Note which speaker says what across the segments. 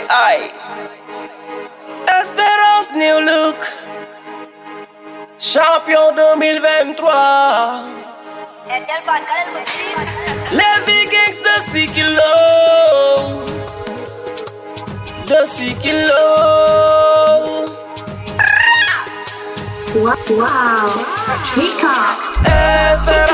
Speaker 1: aïe, aïe. Espérance New Look, champion 2023. Les Vikings de 6 kilos, de 6 kilos. Wow, wow. Espérance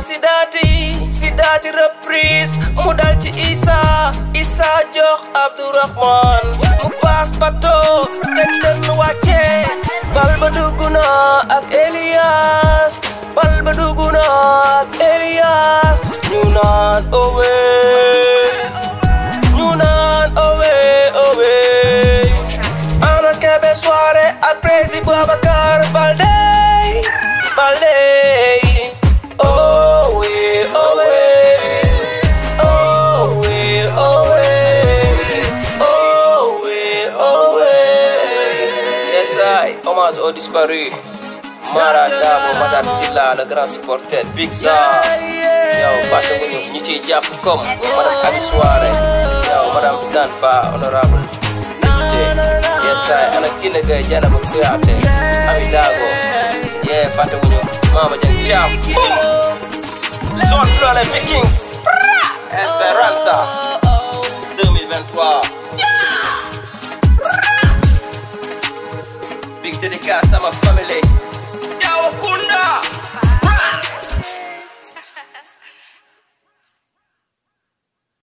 Speaker 1: Sidaati Sidaati reprise mu dal ci Isa Issa jox Abdourahman mu paas pato teg dënn wàcce bal ba dugg na ak Elias bal ba dugg na ak Elias ñu naan owe ñu naan owe owe ana kebe soirée ak président Babacar Baldé Baldé
Speaker 2: ont disparu. Maradamo, Madame Silla, le grand supporter, Big Zar. Yo, Madame Ami Soare. Yow, Madame Titan Fa, honorable. Yesay, ana Kine Gueye, Yeah, Fatou Mama Dieng Zone Flore Vikings. the guys, I'm a family.